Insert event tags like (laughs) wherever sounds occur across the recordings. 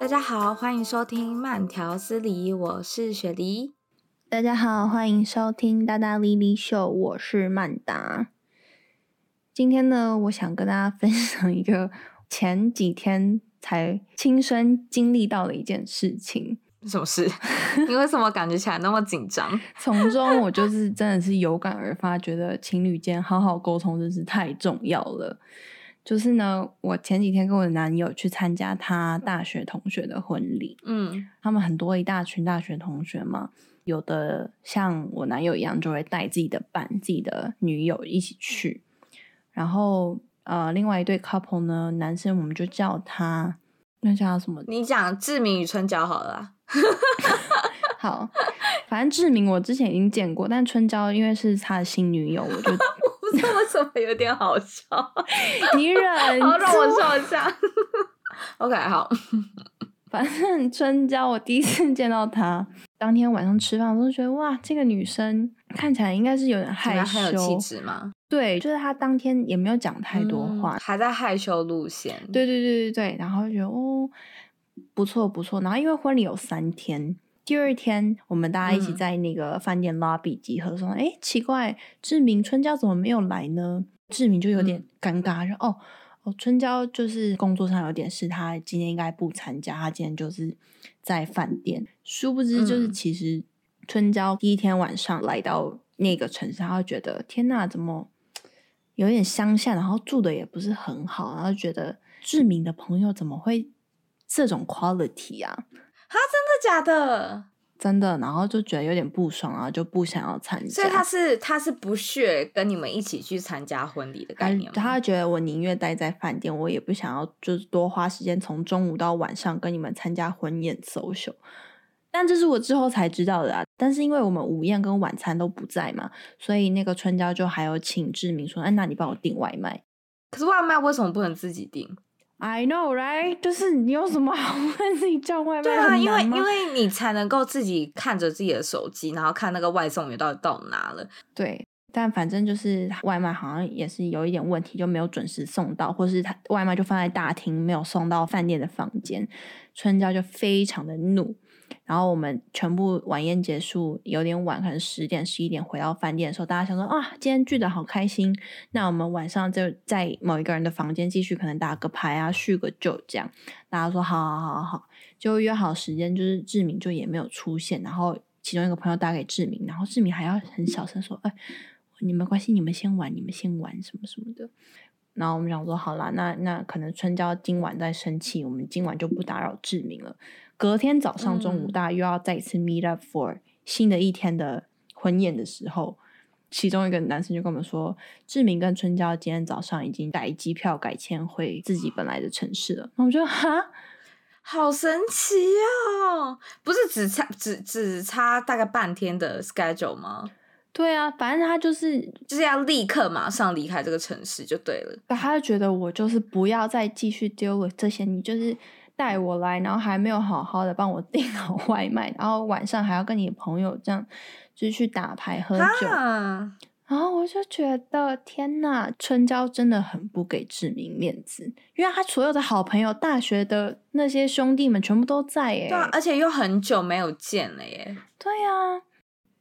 大家好，歡迎收聽慢條斯理，我是雪梨。大家好，歡迎收聽達達莉莉秀，我是曼達。今天呢，我想跟大家分享一個前幾天才親身經歷到的一件事情。什麼事？你為什麼感覺起來那麼緊張？從 (laughs) 中我就是真的是有感而發，覺得情侶間好好溝通真是太重要了。就是呢，我前幾天跟我的男友去參加他大學同學的婚禮，嗯，他們很多一大群大學同學嘛，有的像我男友一樣，就會帶自己的伴、自己的女友一起去。然後呃，另外一對 couple 呢，男生我們就叫他，那叫他什麼？你講志明與春嬌好了。 (laughs) (laughs) 好，反正志明我之前已經見過，但春嬌因為是他的新女友，我就我不知道為什麼有點好笑， (laughs) 你忍，好讓我笑一下。OK，好，反正春嬌我第一次見到她，當天晚上吃飯我都覺得哇，這個女生看起來應該是有點害羞，還有氣質嗎？對，就是她當天也沒有講太多話，嗯，還在害羞路線。對對對對對，然後就覺得哦。不錯不錯，然後因為婚禮有三天，第二天我們大家一起在那個飯店 lobby 集合，說、嗯：“誒，奇怪，志明春嬌怎麼沒有來呢？”志明就有點尷尬，嗯、然後哦哦，春嬌就是工作上有點事，她今天應該不參加，她今天就是在飯店。”殊不知，就是其實春嬌第一天晚上來到那個城市，她會覺得：“天吶，怎麼有點鄉下？然後住的也不是很好，然後覺得是志明的朋友怎麼會？”這種 quality 啊，哈，真的假的？真的，然後就覺得有點不爽啊，就不想要參加。所以他是他是不屑跟你們一起去參加婚禮的概念。他覺得我寧願待在飯店，我也不想要就是多花時間從中午到晚上跟你們參加婚宴 social。但這是我之後才知道的啊。但是因為我們午宴跟晚餐都不在嘛，所以那個春嬌就還有請志明說：“哎，啊，那你幫我訂外賣。”可是外賣為什麼不能自己訂？I know, right？ (laughs) 就是你有什麼好問，自己叫外賣？對啊，因為因為你才能夠自己看着自己的手機，然後看那個外送員到底到哪了。 (laughs) 對，但反正就是外賣好像也是有一點問題，就沒有準時送到，或是他外賣就放在大廳，沒有送到飯店的房間，春嬌就非常的怒。然後我們全部晚宴結束，有點晚，可能十點十一點回到飯店的時候，大家想說啊，今天聚得好開心。那我們晚上就在某一個人的房間繼續，可能打個牌啊，敘個舊這樣。大家說好，好，好,好，好，就約好時間。就是志明就也沒有出現，然後其中一個朋友打給志明，然後志明還要很小聲說，哎，你們關係，你們先玩，你們先玩什麼什麼的。然後我們想說，好啦，那那可能春嬌今晚在生氣，我們今晚就不打擾志明了。隔天早上中午，大家又要再一次 meet up for 新的一天的婚宴的時候，其中一個男生就跟我們說，志明跟春嬌今天早上已經改機票改簽回自己本來的城市了。我我說，哈，好神奇哦，不是只差只只差大概半天的 schedule 嗎？對啊，反正他就是就是要立刻馬上離開這個城市就對了。他就覺得我就是不要再繼續丟了這些，你就是帶我來，然後還沒有好好的幫我訂好外賣，然後晚上還要跟你朋友這樣就是去打牌喝酒啊。哈然後我就覺得天吶，春嬌真的很不給志明面子，因為他所有的好朋友，大學的那些兄弟們全部都在耶、欸，對、啊，而且又很久沒有見了耶，對呀、啊。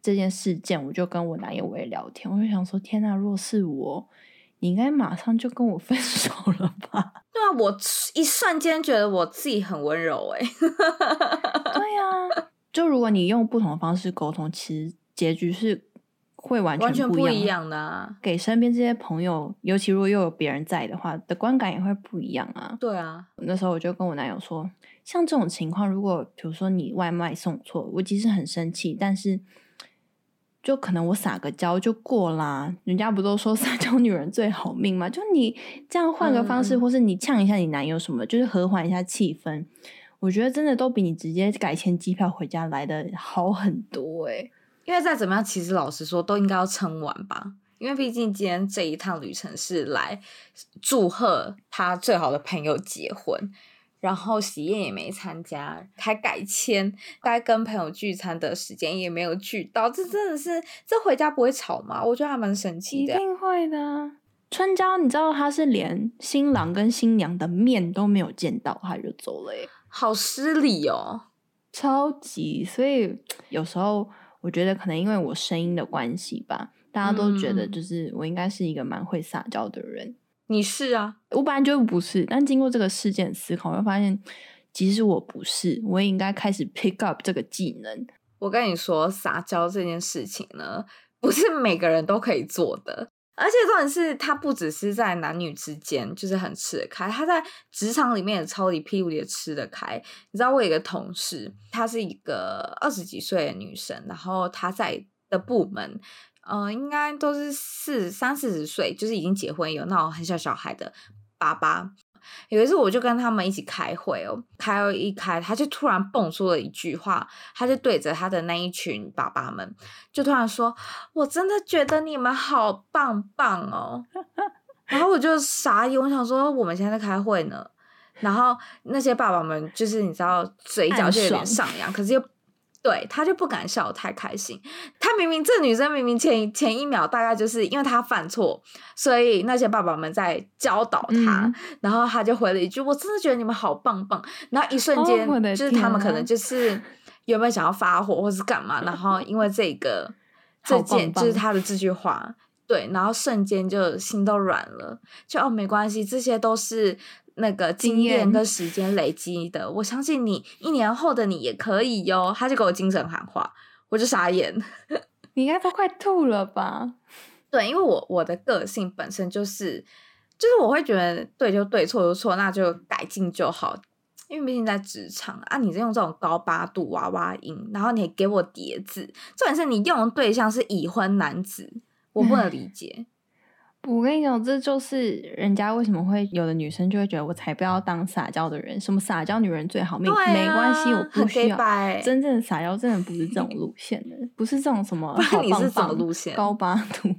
這件事件，我就跟我男友我也聊天，我就想說，天啊，若是我，你應該馬上就跟我分手了吧？對啊，我一瞬間覺得我自己很溫柔哎。 (laughs) 對啊，就如果你用不同的方式溝通，其實結局是會完全完全不一樣的啊。給身邊這些朋友，尤其如果又有別人在的話，的觀感也會不一樣啊。對啊，那時候我就跟我男友說，像這種情況，如果比如說你外賣送錯，我其實很生氣，但是。就可能我撒個嬌就過啦，人家不都說撒嬌女人最好命嘛？就你這樣換個方式，嗯、或是你嗆一下你男友什麼，就是和緩一下氣氛，我覺得真的都比你直接改簽機票回家來的好很多誒、欸、因為再怎麼樣，其實老實說都應該要撐完吧，因為畢竟今天這一趟旅程是來祝賀他最好的朋友結婚。然後喜宴也沒參加，還改簽，該跟朋友聚餐的時間也沒有聚到，這真的是這回家不會吵嗎？我覺得還蠻神奇的。一定會的，春嬌，你知道他是連新郎跟新娘的面都沒有見到他就走了耶。好失禮哦，超級。所以有時候我覺得可能因為我聲音的關係吧，大家都覺得就是我應該是一個蠻會撒嬌的人。你是啊，我本來就不是，但經過這個事件思考，我會發現其實我不是，我也應該開始 pick up 這個技能。我跟你說，撒嬌這件事情呢，不是每個人都可以做的，而且重點是，它不只是在男女之間就是很吃得開，他在職場裡面也超級屁股也吃得開。你知道，我有一個同事，她是一個二十幾歲的女生，然後她在的部門。嗯、呃，應該都是四三四十歲，就是已經結婚有那種很小小孩的爸爸。有一次，我就跟他們一起開會哦、喔，開會一開，他就突然蹦出了一句話，他就對着他的那一群爸爸們，就突然說：“我真的覺得你們好棒棒哦、喔。” (laughs) 然後我就傻眼，我想說我們現在在開會呢？然後那些爸爸們就是你知道，嘴角就有點上揚，爽可是又。對，他就不敢笑得太開心。他明明這女生明明前前一秒大概就是因為他犯錯，所以那些爸爸們在教導他，嗯、然後他就回了一句：“我真的覺得你們好棒棒。”然後一瞬間、哦、就是他們可能就是原本想要發火或是幹嘛，然後因為這個這件就是他的這句話，棒棒對，然後瞬間就心都軟了，就哦沒關係，這些都是。那個經驗跟時間累積的，驗我相信你一年後的你也可以喲。他就給我精神喊話，我就傻眼。 (laughs) 你應該都快吐了吧？對，因為我我的個性本身就是，就是我會覺得對就對，錯就錯，那就改進就好。因為畢竟在職場啊，你用這種高八度娃娃音，然後你還給我疊字，重點是你用的對象是已婚男子，我不能理解。嗯我跟你講，這就是人家為什麼會有的女生就會覺得我才不要當撒嬌的人，什麼撒嬌女人最好命，啊，沒關係，我不需要。真正的撒嬌真的不是這種路線的，不是這種什麼棒棒。那你是什麼路線？高八度？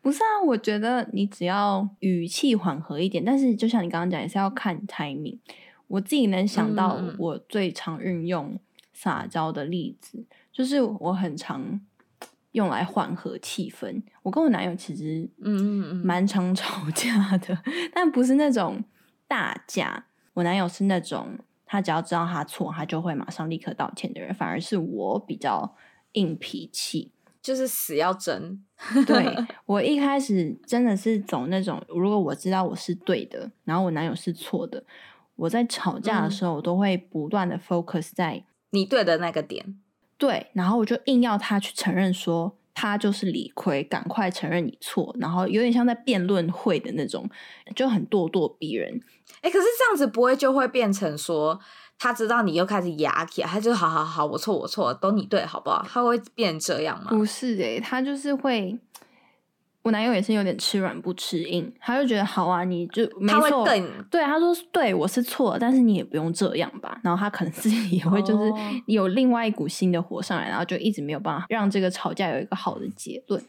不是啊，我覺得你只要語氣緩和一點，但是就像你剛剛講，也是要看 timing。我自己能想到我最常運用撒嬌的例子，嗯、就是我很常。用來緩和氣氛。我跟我男友其實嗯嗯嗯蠻常吵架的，嗯嗯嗯但不是那種大架。我男友是那種他只要知道他錯，他就會馬上立刻道歉的人，反而是我比較硬脾氣，就是死要爭。對，我一開始真的是走那種，如果我知道我是對的，嗯、然後我男友是錯的，我在吵架的時候，我都會不斷的 focus 在你對的那個點。對，然後我就硬要他去承認說他就是理虧，趕快承認你錯，然後有點像在辯論會的那種，就很咄咄逼人。誒、欸，可是這樣子不會就會變成說他知道你又開始牙起來，他就好好好，我錯我錯，都你對好不好？他會變成這樣嗎？不是的、欸，他就是會。我男友也是有點吃軟不吃硬，他就覺得好啊，你就沒錯，對他說對我是錯，但是你也不用這樣吧。然後他可能自己也會就是有另外一股新的火上來，哦、然後就一直沒有辦法讓這個吵架有一個好的結論。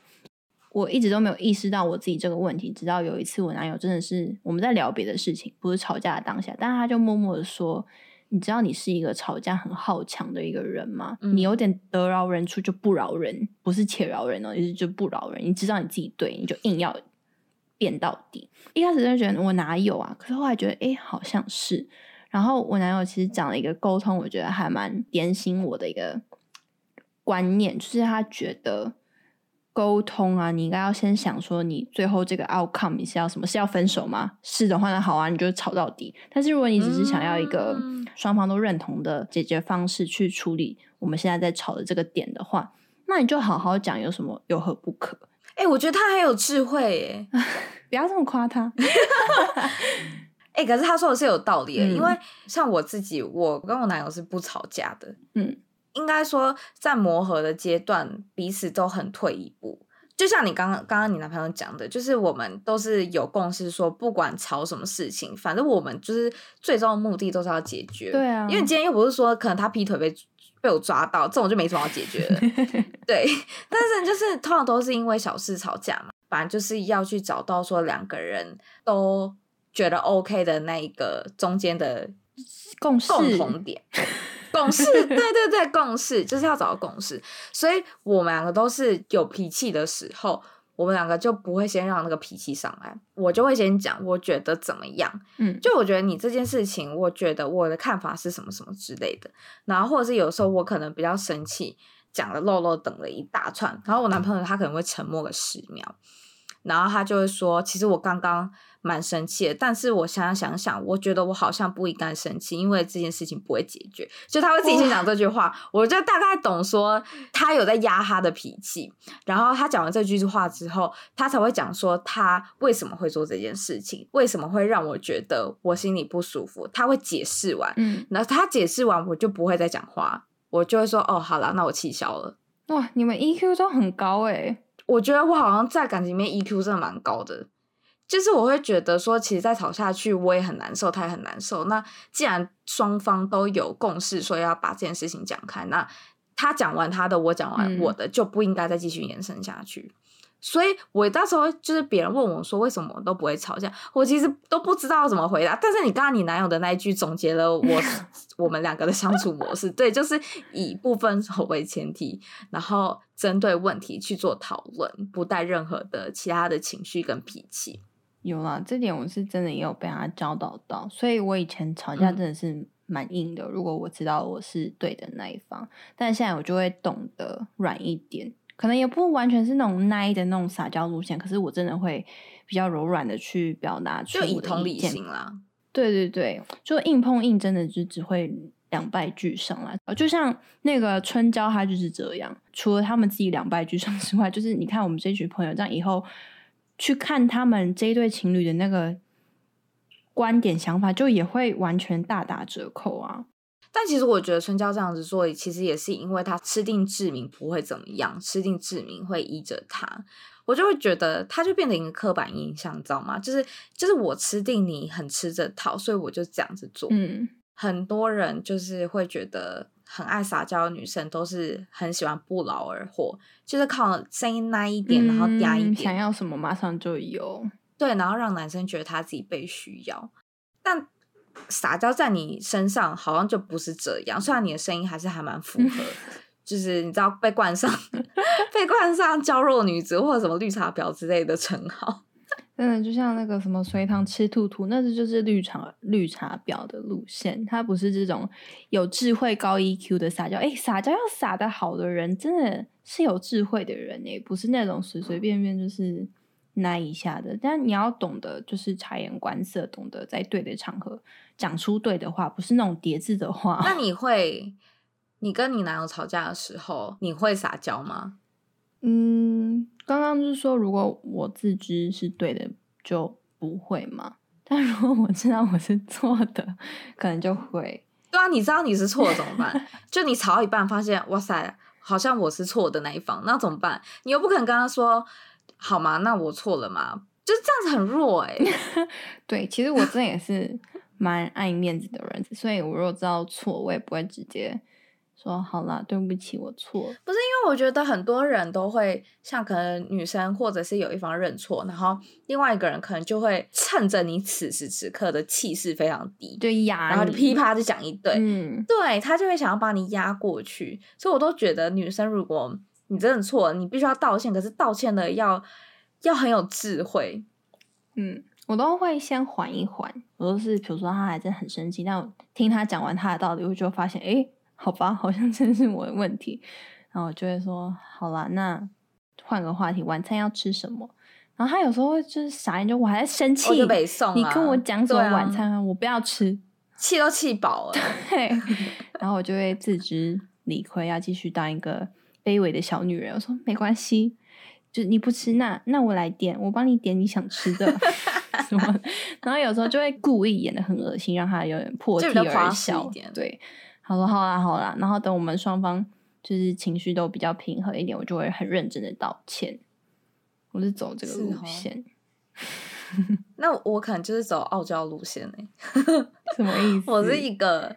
我一直都沒有意識到我自己這個問題，直到有一次我男友真的是我們在聊別的事情，不是吵架的當下，但是他就默默的說。你知道你是一個吵架很好強的一個人嗎？嗯、你有點得饒人處就不饒人，不是且饒人哦，就是就不饒人。你知道你自己對，你就硬要辯到底。一開始真的覺得我哪有啊，可是後來覺得誒、欸，好像是。然後我男友其實講了一個溝通，我覺得還蠻點醒我的一個觀念，就是他覺得。溝通啊，你應該要先想說，你最後這個 outcome 你是要什麼？是要分手嗎？是的話，那好啊，你就吵到底。但是如果你只是想要一個雙方都認同的解決方式去處理我們現在在吵的這個點的話，那你就好好講，有什麼有何不可？哎、欸，我覺得他很有智慧耶， (laughs) 不要這麼誇他。哎、 (laughs) 欸，可是他說的是有道理的，嗯、因為像我自己，我跟我男友是不吵架的。嗯。應該說，在磨合的階段，彼此都很退一步。就像你剛剛剛剛你男朋友講的，就是我們都是有共識，說不管吵什麼事情，反正我們就是最終的目的都是要解決。對啊，因為今天又不是說可能他劈腿被被我抓到，這種就沒什麼要解決了。 (laughs) 對，但是就是通常都是因為小事吵架嘛，反正就是要去找到說兩個人都覺得 OK 的那一個中間的共共同點。共識，對對對，共識就是要找到共識。所以我們兩個都是有脾氣的時候，我們兩個就不會先讓那個脾氣上來，我就會先講我覺得怎麼樣，嗯，就我覺得你這件事情，我覺得我的看法是什麼什麼之類的。然後或者是有時候我可能比較生氣，講了漏漏等了一大串，然後我男朋友他可能會沉默個十秒，然後他就會說，其實我剛剛。蠻生氣的，但是我想想想想，我覺得我好像不應該生氣，因為這件事情不會解決。就他會自己先講這句話，哇我就大概懂說他有在壓他的脾氣。然後他講完這句話之後，他才會講說他為什麼會做這件事情，為什麼會讓我覺得我心裡不舒服。他會解釋完，嗯，然後他解釋完，我就不會再講話，我就會說哦，好啦，那我氣消了。哇，你們 EQ 都很高欸，我覺得我好像在感情裡面 EQ 真的蠻高的。就是我會覺得說，其實再吵下去我也很難受，他也很難受。那既然雙方都有共識，說要把這件事情講開，那他講完他的，我講完我的，嗯、就不應該再繼續延伸下去。所以我到時候就是別人問我說為什麼我都不會吵架，我其實都不知道怎麼回答。但是你剛剛你男友的那一句總結了我 (laughs) 我們兩個的相處模式，對，就是以不分手為前提，然後針對問題去做討論，不帶任何的其他的情緒跟脾氣。有啦，這點我是真的也有被他教導到，所以我以前吵架真的是蠻硬的。嗯、如果我知道我是對的那一方，但現在我就會懂得軟一點，可能也不完全是那種耐的那種撒嬌路線，可是我真的會比較柔軟的去表達。就以同理心啦，對對對，就硬碰硬真的就只會兩敗俱傷啦。就像那個春嬌，他就是這樣，除了他們自己兩敗俱傷之外，就是你看我們這一群朋友，這樣以後。去看他們這一對情侶的那個觀點、想法，就也會完全大打折扣啊。但其實我覺得春嬌這樣子做，其實也是因為他吃定志明不會怎麼樣，吃定志明會依着他，我就會覺得他就變成一個刻板印象，你知道嗎？就是就是我吃定你，很吃這套，所以我就這樣子做。嗯，很多人就是會覺得。很愛撒嬌的女生都是很喜歡不勞而獲，就是靠聲音那一點，嗯、然後嗲一點，想要什麼馬上就有。對，然後讓男生覺得他自己被需要。但撒嬌在你身上好像就不是這樣，雖然你的聲音還是還蠻符合，嗯、就是你知道被冠上 (laughs) (laughs) 被冠上嬌弱女子或者什麼綠茶婊之類的稱號。嗯，就像那個什麼隋棠吃兔兔，那這個、就是綠茶綠茶婊的路線。他不是這種有智慧、高 EQ 的撒嬌。哎，撒嬌要撒得好的人，真的是有智慧的人哎，不是那種隨隨便便就是那一下的。但你要懂得就是察言觀色，懂得在對的場合講出對的話，不是那種疊字的話。那你會，你跟你男友吵架的時候，你會撒嬌嗎？嗯。剛剛就是說，如果我自知是對的，就不會嘛。但如果我知道我是錯的，可能就會。對啊，你知道你是錯的怎麼辦？ (laughs) 就你吵到一半，發現哇塞，好像我是錯的那一方，那怎麼辦？你又不肯跟他說，好嗎？那我錯了嘛？就是這樣子很弱欸。 (laughs) 對，其實我這也是蠻愛面子的人， (laughs) 所以我如果知道錯，我也不會直接。說好了，對不起，我錯。不是，因為我覺得很多人都會像可能女生或者是有一方認錯，然後另外一個人可能就會趁着你此時此刻的氣勢非常低，對，壓，然後就噼啪就講一堆，嗯，對，他就會想要把你壓過去，所以我都覺得女生如果你真的錯了，你必須要道歉，可是道歉的要要很有智慧。嗯，我都會先緩一緩，我都是比如說他還在很生氣，但我聽他講完他的道理，我就發現，哎。好吧，好像真是我的問題，然後我就會說，好啦，那換個話題，晚餐要吃什麼？然後他有時候就是傻眼就，就我還在生氣，啊、你跟我講什麼晚餐啊？我不要吃，氣都氣飽了。對，然後我就會自知理虧，要繼續當一個卑微的小女人。我說沒關係，就你不吃那，那那我來點，我幫你點你想吃的。 (laughs) 然後有時候就會故意演得很噁心，讓他有點破涕而笑。對。好啦，好啦，然後等我們雙方就是情緒都比較平和一點，我就會很認真的道歉。我是走這個路線，哦、 (laughs) 那我可能就是走傲嬌路線呢。 (laughs) 什麼意思？我是一個，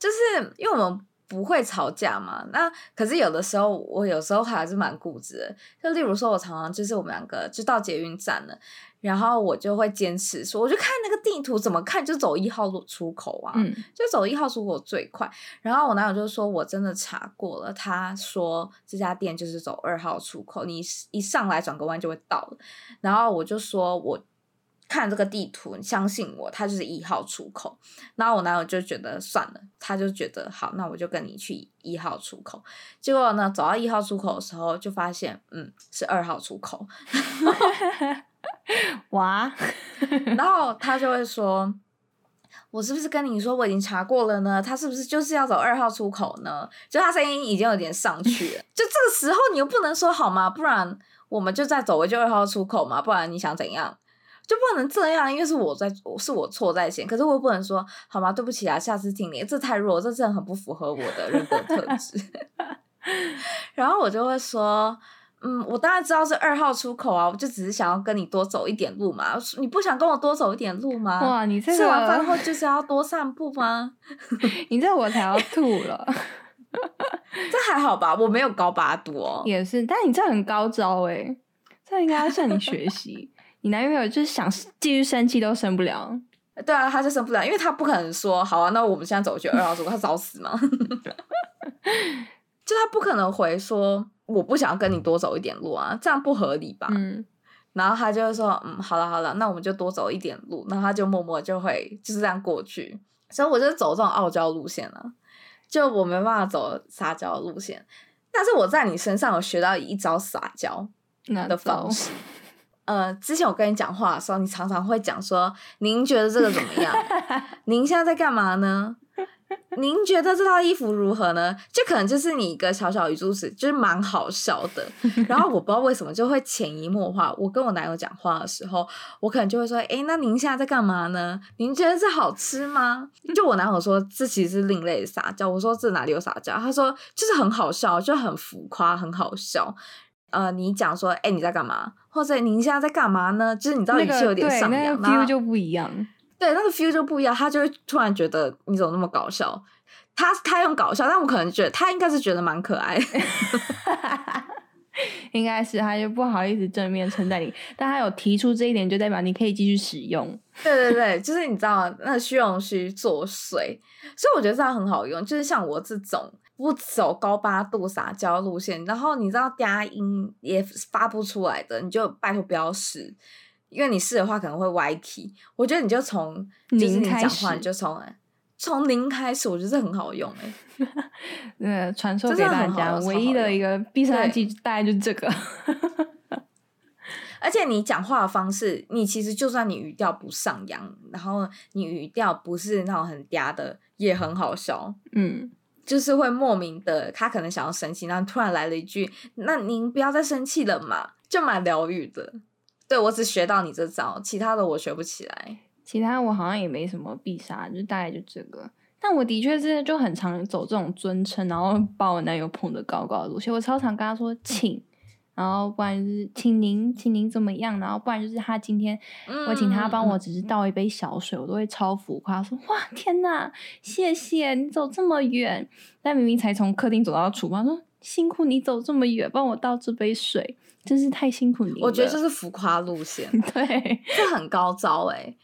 就是因為我們不會吵架嘛。那可是有的時候，我有時候還是蠻固執的。就例如說，我常常就是我們兩個就到捷運站了。然後我就會堅持說，我就看那個地圖，怎麼看就走一號出口啊，嗯、就走一號出口最快。然後我男友就說：“我真的查過了，他說這家店就是走二號出口，你一上來轉個彎就會到了。”然後我就說：“我看這個地圖，你相信我，它就是一號出口。”然後我男友就覺得算了，他就覺得好，那我就跟你去一號出口。結果呢，走到一號出口的時候，就發現嗯是二號出口。 (laughs) (laughs) 哇！ (laughs) 然後他就會說：“我是不是跟你說我已經查過了呢？他是不是就是要走二號出口呢？”就他聲音已經有點上去了。 (laughs) 就這個時候，你又不能說好嗎？不然我們就再走就二號出口嘛。不然你想怎樣？就不能這樣，因為是我在，是我錯在先。可是我又不能說好嗎？對不起啊，下次聽你。欸、這太弱，這真的很不符合我的人格特質。 (laughs) 然後我就會說。嗯，我當然知道是二號出口啊，我就只是想要跟你多走一點路嘛。你不想跟我多走一點路嗎？哇，你這吃完飯後就是要多散步嗎？ (laughs) 你這我才要吐了。這還好吧，我沒有高八度哦。也是，但你這很高招哎，這應該要向你學習。 (laughs) 你男朋友就是想繼續生氣都生不了。 (laughs) 對啊，他就生不了，因為他不可能說，好啊，那我們現在走去二號出口，他找死嗎？ (laughs) 就他不可能回說我不想要跟你多走一點路啊，這樣不合理吧？嗯，然後他就會說，嗯，好了好了，那我們就多走一點路。然後他就默默就會就是這樣過去。所以我就走這種傲嬌路線了啊，就我沒辦法走撒嬌路線。但是我在你身上有學到一招撒嬌的方式。走 (laughs) 呃，之前我跟你講話的時候，你常常會講說：“您覺得這個怎麼樣？ (laughs) 您現在在幹嘛呢？”您覺得這套衣服如何呢？就可能就是你一個小小魚珠子，就是蠻好笑的。然後我不知道為什麼就會潛移默化。我跟我男友講話的時候，我可能就會說：“哎、欸，那您現在在幹嘛呢？您覺得這好吃嗎？”就我男友說這其實是另類撒嬌。我說這哪裡有撒嬌？他說就是很好笑，就很浮誇，很好笑。呃，你講說：“哎、欸，你在幹嘛？”或者“您現在在幹嘛呢？”就是你知道語氣有點上揚嗎？那個那個，就不一樣。對，那個 feel 就不一樣，他就會突然覺得你怎麼那麼搞笑？他他用搞笑，但我可能覺得他應該是覺得蠻可愛的， (laughs) 應該是他就不好意思正面稱讚你， (laughs) 但他有提出這一點，就代表你可以繼續使用。 (laughs) 對對對，就是你知道那虛榮心作祟，所以我覺得這樣很好用。就是像我這種不走高八度撒嬌路線，然後你知道嗲音也發不出來的，你就拜托不要使。因為你試的話可能會歪掉，我覺得你就從零開始講話，就從從零開始，開始我覺得這很好用哎、欸。那個傳授給大家，唯一的一個必殺技大概就是這個。對 (laughs) 而且你講話的方式，你其實就算你語調不上揚，然後你語調不是那種很嗲的，也很好笑。嗯，就是會莫名的，他可能想要生氣，然後突然來了一句：“那您不要再生氣了嘛”，就蠻療癒的。對，我只學到你這招，其他的我學不起來。其他我好像也沒什麼必殺，就大概就這個。但我的確是就很常走這種尊稱，然後把我男友捧得高高的路。所以我超常跟他說請，然後不然就是請您，請您怎麼樣，然後不然就是他今天我請他幫我只是倒一杯小水，嗯、我都會超浮誇說哇天哪，謝謝你走這麼遠，但明明才從客廳走到廚房，說辛苦你走這麼遠，幫我倒這杯水。真是太辛苦你了。我覺得這是浮誇路線， (laughs) 對，這很高招哎、欸！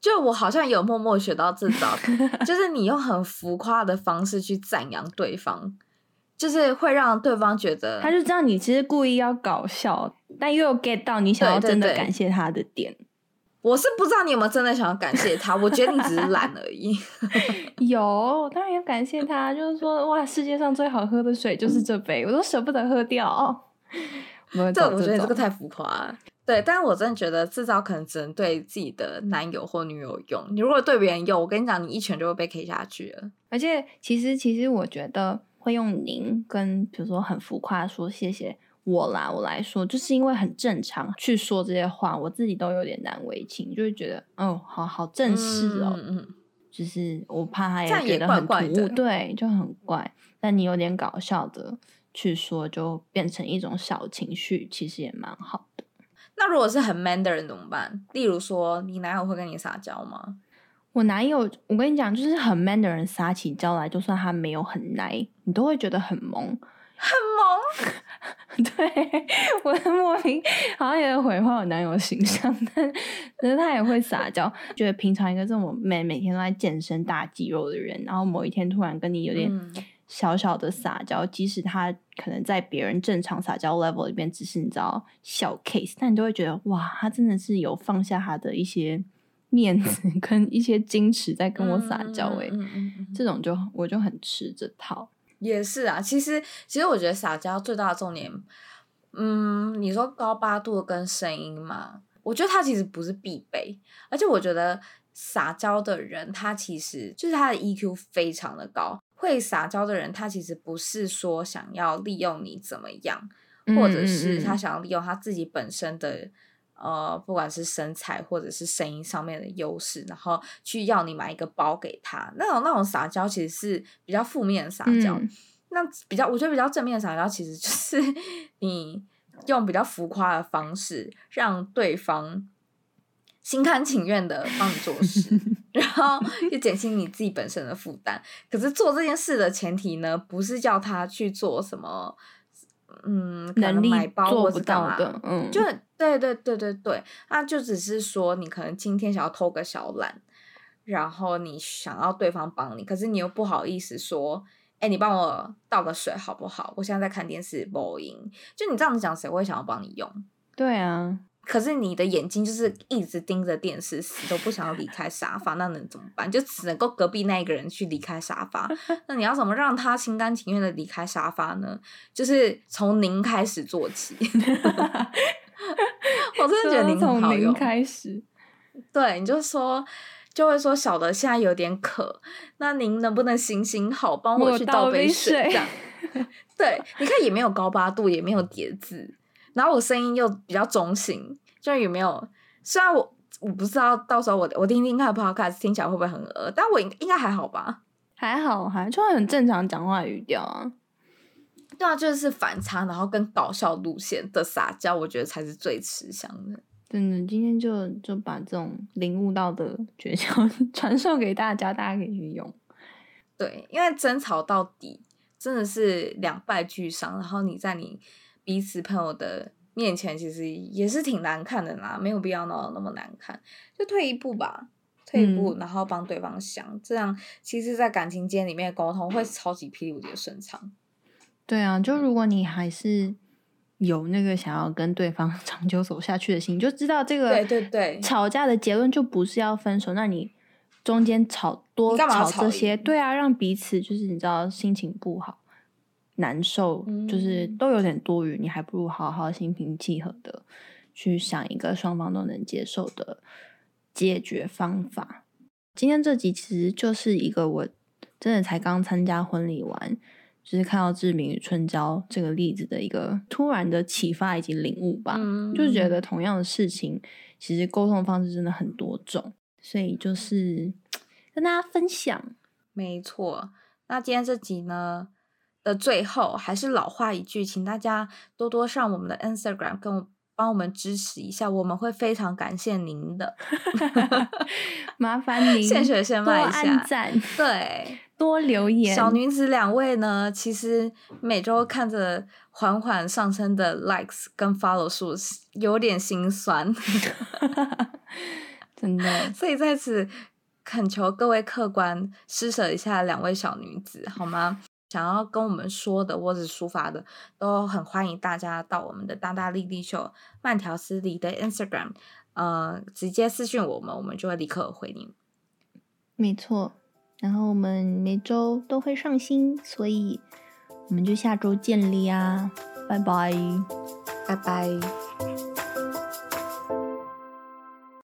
就我好像有默默學到這招， (laughs) 就是你用很浮誇的方式去讚揚對方，就是會讓對方覺得他就知道你其實故意要搞笑，但又有 get 到你想要真的感謝他的點。對對對，我是不知道你有沒有真的想要感謝他，我覺得你只是懶而已。 (laughs) (laughs) 有，我當然要感謝他，就是說哇，世界上最好喝的水就是這杯，嗯、我都捨不得喝掉。哦這，這我覺得這個太浮誇了，對，但是我真的覺得至少可能只能對自己的男友或女友用。你如果對別人用，我跟你講，你一拳就會被 K 下去了。而且其實其實我覺得會用您跟比如說很浮誇說謝謝我啦，我來說，就是因為很正常去說這些話，我自己都有點難為情，就會覺得哦，好好正式哦，嗯嗯，就是我怕他也覺得很突兀，這樣也怪怪的，對，就很怪。但你有點搞笑的。去說就變成一種小情緒，其實也蠻好的。那如果是很 man 的人怎麼辦？例如說，你男友會跟你撒嬌嗎？我男友，我跟你講，就是很 man 的人撒起嬌來，就算他沒有很奶，你都會覺得很萌，很萌蒙。 (laughs) 對，我很莫名好像也會毀壞我男友形象但，但是他也會撒嬌。 (laughs) 覺得平常一個這麼 man，每天都在健身、大肌肉的人，然後某一天突然跟你有點。嗯小小的撒嬌，即使他可能在別人正常撒嬌 level 裡面，只是你知道小 case，但你都會覺得哇，他真的是有放下他的一些面子跟一些矜持，在跟我撒嬌。欸，這種就我就很吃這套。也是啊，其實其實我覺得撒嬌最大的重點，嗯，你說高八度跟聲音嘛，我覺得他其實不是必備。而且我覺得撒嬌的人，他其實就是他的 EQ 非常的高。會撒嬌的人，他其實不是說想要利用你怎麼樣，嗯、或者是他想要利用他自己本身的、嗯嗯、呃，不管是身材或者是聲音上面的優勢，然後去要你買一個包給他。那種那種撒嬌其實是比較負面的撒嬌。嗯、那比較，我覺得比較正面的撒嬌，其實就是你用比較浮誇的方式讓對方。心甘情願的幫你做事， (laughs) 然後也減輕你自己本身的負擔。可是做這件事的前提呢，不是叫他去做什麼，嗯，可能買包或者幹嘛，能力做不到的，嗯，就對對對對對，那就只是說你可能今天想要偷個小懶，然後你想要對方幫你，可是你又不好意思說，哎，你幫我倒個水好不好？我現在在看電視播音，就你這樣子講，誰會想要幫你用？對啊。可是你的眼睛就是一直盯着電視死，死都不想要離開沙發，那能怎麼辦？就只能夠隔壁那一個人去離開沙發。那你要怎麼讓他心甘情願的離開沙發呢？就是從您開始做起。 (laughs) 我真的覺得您好，從您開始，對，你就說，就會說，小的現在有點渴，那您能不能行行好，幫我去倒杯水這樣？對，你看也沒有高八度，也沒有疊字。然後我聲音又比較中性，就有沒有？雖然我我不知道到時候我我聽聽看 Podcast，聽起來會不會很噁，但我應應該還好吧？還好還就是很正常講話語調啊。對啊，就是反差，然後跟搞笑路線的撒嬌，我覺得才是最吃香的。真的，今天就就把這種領悟到的訣竅傳授給大家，大家可以去用。對，因為爭吵到底真的是兩敗俱傷，然後你在你。彼此朋友的面前，其實也是挺難看的啦，沒有必要鬧得那麼難看，就退一步吧，退一步，然後幫對方想，嗯、這樣其實，在感情間裡面的溝通會超級霹靂的順暢。對啊，就如果你還是有那個想要跟對方長久走下去的心，你就知道這個對對對，吵架的結論就不是要分手，那你中間吵多吵這些，幹嘛吵？對啊，讓彼此就是你知道心情不好，難受，嗯，就是都有點多餘，你還不如好好心平氣和的去想一個雙方都能接受的解決方法。今天這集其實就是一個我真的才剛參加婚禮完，就是看到志明與春嬌這個例子的一個突然的啟發以及領悟吧，嗯，就覺得同樣的事情其實溝通方式真的很多種，所以就是跟大家分享。沒錯，那今天這集呢？的最後，還是老話一句，請大家多多上我們的 Instagram，跟幫我，我們支持一下，我們會非常感謝您的。 (laughs) (laughs) 麻煩您 (laughs) 現學現賣一下，多按讚，對，多留言。小女子兩位呢，其實每週看着緩緩上升的 likes 跟 follows 有點心酸。 (laughs) (laughs) 真的，所以在此懇求各位客官施捨一下兩位小女子，好嗎？想要跟我們說的，或者是抒發的，都很歡迎大家到我們的大大粒粒秀慢條斯理的 Instagram，呃，直接私訊我們，我們就會立刻回您。沒錯，然後我們每周都會上新，所以我們就下周見了呀，啊，拜拜，拜拜。